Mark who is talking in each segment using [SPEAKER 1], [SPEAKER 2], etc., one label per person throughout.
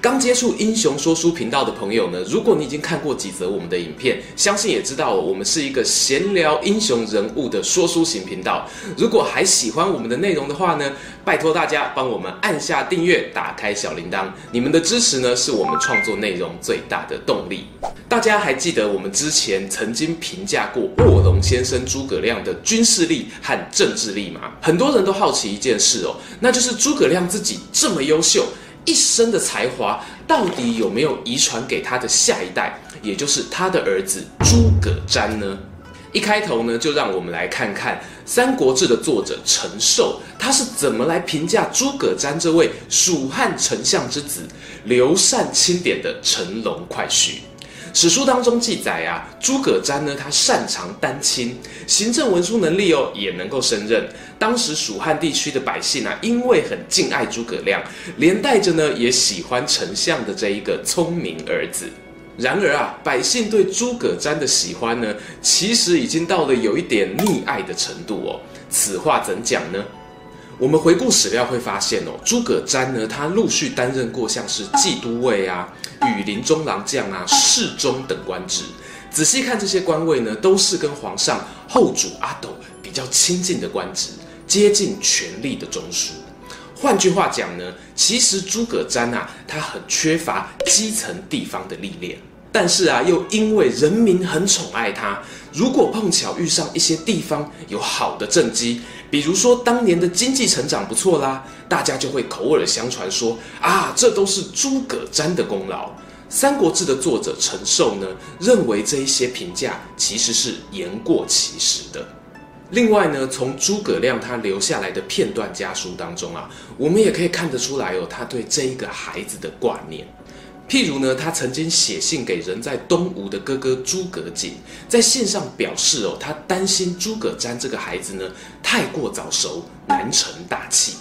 [SPEAKER 1] 剛接觸英雄說書頻道的朋友呢，如果你已經看過幾則我們的影片，相信也知道我們是一個閒聊英雄人物的說書型頻道。如果還喜歡我們的內容的話呢，拜托大家幫我們按下訂閱，打開小鈴鐺。你們的支持呢，是我們創作內容最大的動力。大家還記得我們之前曾經評價過臥龍先生諸葛亮的軍事力和政治力嗎？很多人都好奇一件事哦，那就是諸葛亮自己這麼優秀，一生的才華到底有沒有遺傳給他的下一代，也就是他的兒子諸葛瞻呢？一開頭呢，就讓我們來看看《三國志》的作者陳壽，他是怎麼來評價諸葛瞻這位蜀漢丞相之子、劉禪欽點的乘龍快婿。史書當中記載啊，諸葛瞻呢，他擅長丹青，行政文書能力哦、喔，也能夠勝任。當時蜀漢地區的百姓啊，因為很敬愛諸葛亮，連帶着呢也喜歡丞相的這一個聰明兒子。然而啊，百姓對諸葛瞻的喜歡呢，其實已經到了有一點溺愛的程度哦、喔。此話怎講呢？我們回顧史料會發現哦、喔，諸葛瞻呢，他陸續擔任過像是季都尉啊。羽林中郎將啊、侍中等官職，仔細看這些官位呢，都是跟皇上後主阿斗比較親近的官職，接近權力的中樞。換句話講呢，其實諸葛瞻啊，他很缺乏基層地方的歷練。但是啊，又因為人民很寵愛他。如果碰巧遇上一些地方有好的政績，比如說當年的經濟成長不錯啦，大家就會口耳相傳說啊，這都是諸葛瞻的功勞。《三國志》的作者陳壽呢，認為這一些評價其實是言過其實的。另外呢，從諸葛亮他留下來的片段家書當中啊，我們也可以看得出來哦，他對這一個孩子的掛念。譬如呢，他曾經寫信給人在東吳的哥哥諸葛瑾，在信上表示哦，他擔心諸葛瞻這個孩子呢太過早熟，難成大器。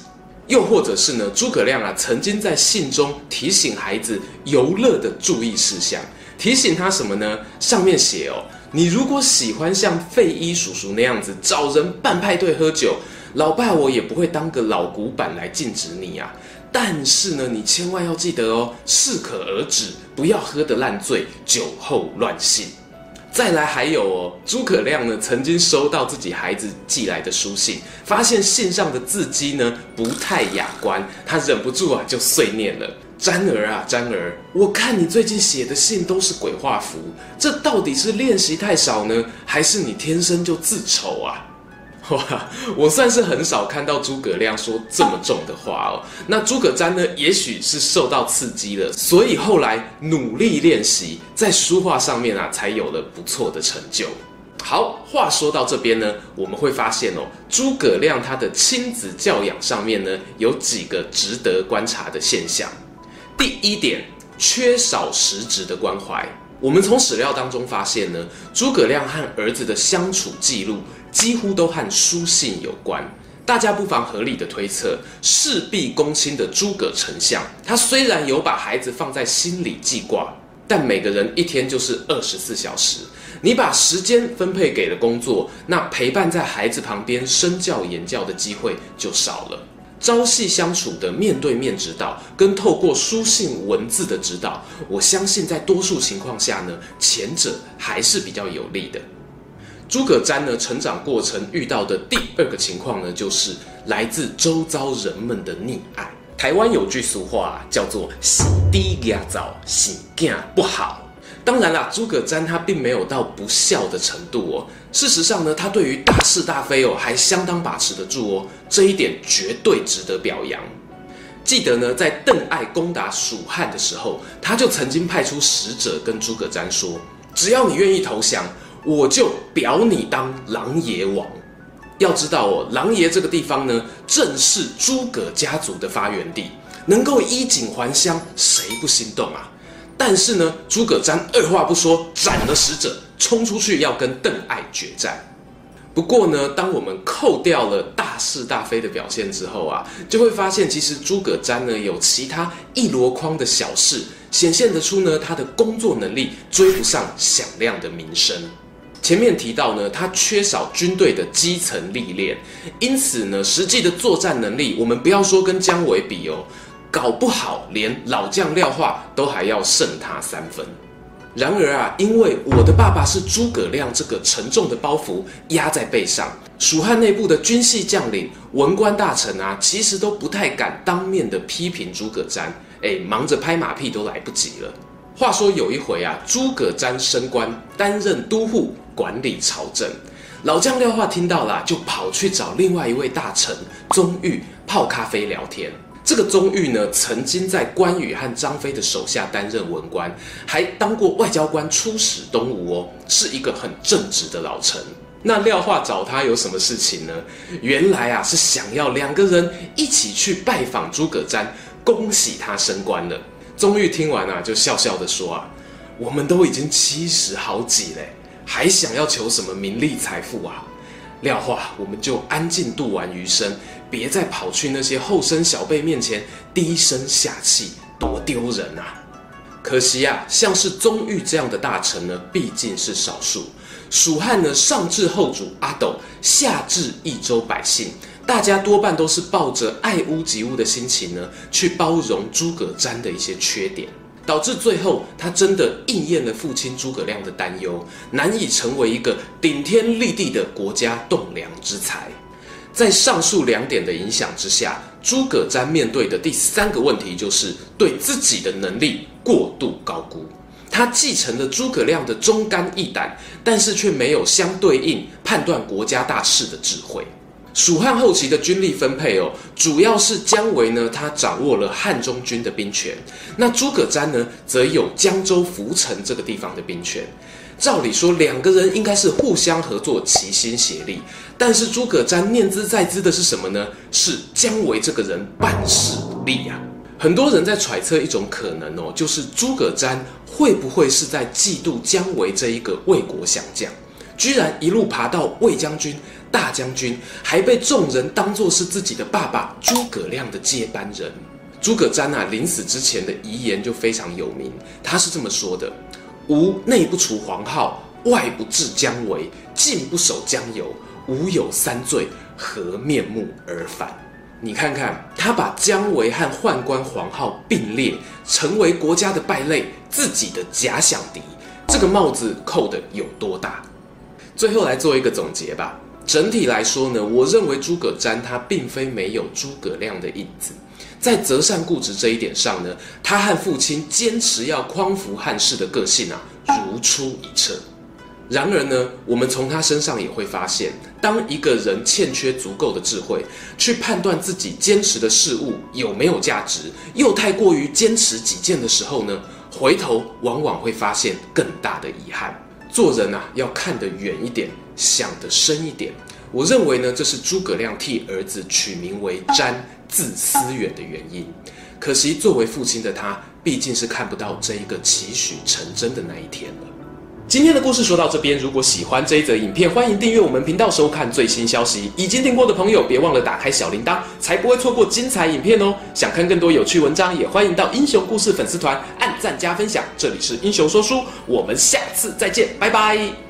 [SPEAKER 1] 又或者是呢，諸葛亮啊曾經在信中提醒孩子遊樂的注意事項，提醒他什麼呢？上面寫哦，你如果喜歡像費禕叔叔那樣子找人辦派對喝酒，老爸我也不會當個老古板來禁止你啊。但是呢，你千萬要記得哦，適可而止，不要喝得爛醉，酒後亂性。再來還有哦，諸葛亮呢曾經收到自己孩子寄來的書信，發現信上的字迹呢不太雅觀，他忍不住啊就碎念了：“瞻兒啊，瞻兒，我看你最近寫的信都是鬼畫符，這到底是練習太少呢，還是你天生就字醜啊？”哇，我算是很少看到諸葛亮說這麼重的話哦。那諸葛瞻呢？也許是受到刺激了，所以後來努力練習，在書畫上面啊，才有了不錯的成就。好，話說到這邊呢，我們會發現哦，諸葛亮他的親子教養上面呢，有幾個值得觀察的現象。第一點，缺少實質的關懷。我們從史料當中發現呢，諸葛亮和兒子的相處記錄幾乎都和書信有關。大家不妨合理地推測，事必躬親的諸葛丞相，他雖然有把孩子放在心裡記掛，但每個人一天就是二十四小時，你把時間分配給了工作，那陪伴在孩子旁邊身教言教的機會就少了。朝夕相處的面對面指導，跟透過書信文字的指導，我相信在多數情況下呢，前者還是比較有利的。諸葛瞻呢，成長過程遇到的第二個情況呢，就是來自周遭人們的溺愛。台灣有句俗話、啊、叫做“寵豬夯灶，寵囝不孝”。當然啦，諸葛瞻他並沒有到不孝的程度哦。事實上呢，他對於大是大非哦，還相當把持得住哦。這一點絕對值得表揚。記得呢，在鄧艾攻打蜀漢的時候，他就曾經派出使者跟諸葛瞻說：“只要你願意投降，我就表你當琅琊王。”要知道哦，琅琊這個地方呢，正是諸葛家族的發源地，能夠衣錦還鄉，誰不心動啊？但是呢，諸葛瞻二話不說斬了使者，衝出去要跟鄧艾決戰。不過呢，當我們扣掉了大是大非的表現之後啊，就會發現其實諸葛瞻呢有其他一籮筐的小事，顯現得出呢他的工作能力追不上響亮的名聲。前面提到呢，他缺少軍隊的基層歷練，因此呢實際的作戰能力，我們不要說跟姜維比哦。搞不好連老將廖化都還要勝他三分。然而啊，因為我的爸爸是諸葛亮，這個沉重的包袱壓在背上，蜀漢內部的軍系將領、文官大臣啊，其實都不太敢當面的批評諸葛瞻，哎，忙着拍馬屁都來不及了。話說有一回啊，諸葛瞻升官，擔任都護，管理朝政。老將廖化聽到了啊，就跑去找另外一位大臣宗預泡咖啡聊天。這個宗預呢，曾經在關羽和張飛的手下擔任文官，還當過外交官出使東吳哦，是一個很正直的老臣。那廖化找他有什麼事情呢？原來啊，是想要兩個人一起去拜訪諸葛瞻，恭喜他升官了。宗預聽完啊，就笑笑地說啊：“我們都已經七十好幾嘞，還想要求什麼名利財富啊？”廖化，我們就安靜度完餘生，別再跑去那些後生小輩面前低聲下氣，多丟人啊！可惜呀、啊，像是宗預這樣的大臣呢，畢竟是少數。蜀漢呢，上至後主阿斗，下至益州百姓，大家多半都是抱着愛屋及烏的心情呢，去包容諸葛瞻的一些缺點。導致最後他真的應驗了父親諸葛亮的擔憂，難以成為一個頂天立地的國家棟樑之才。在上述兩點的影響之下，諸葛瞻面對的第三個問題就是對自己的能力過度高估。他繼承了諸葛亮的忠肝義膽，但是卻沒有相對應判斷國家大事的智慧。蜀漢後期的軍力分配哦，主要是姜維呢，他掌握了漢中軍的兵權；那諸葛瞻呢，則有江州涪城這個地方的兵權。照理說，兩個人應該是互相合作、齊心協力。但是諸葛瞻念茲在茲的是什麼呢？是姜維這個人辦事不力呀。很多人在揣測一種可能哦，就是諸葛瞻會不會是在嫉妒姜維這一個魏國降將，居然一路爬到衛將軍？大將軍還被眾人當作是自己的爸爸諸葛亮的接班人。諸葛瞻吶、啊、臨死之前的遺言就非常有名，他是這麼說的：“吾內不除黃皓，外不治姜維，進不守江油，吾有三罪，何面目而返？”你看看，他把姜維和宦官黃皓並列，成為國家的敗類，自己的假想敵，這個帽子扣得有多大？最後來做一個總結吧。整體來說呢，我認為諸葛瞻他並非沒有諸葛亮的影子，在擇善固執這一點上呢，他和父親堅持要匡扶漢室的個性啊，如出一轍。然而呢，我們從他身上也會發現，當一個人欠缺足夠的智慧，去判斷自己堅持的事物有沒有價值，又太過於堅持己見的時候呢，回頭往往會發現更大的遺憾。做人啊，要看得遠一點，想得深一點。我認為呢，這是諸葛亮替兒子取名為瞻，字思遠的原因。可惜，作為父親的他，畢竟是看不到這一個期許成真的那一天了。今天的故事說到這邊，如果喜歡這一則影片，歡迎訂閱我們頻道收看最新消息。已經訂過的朋友，別忘了打開小鈴鐺，才不會錯過精彩影片哦。想看更多有趣文章，也歡迎到英雄故事粉絲團。贊加分享，這裡是英雄說書，我們下次再見，拜拜。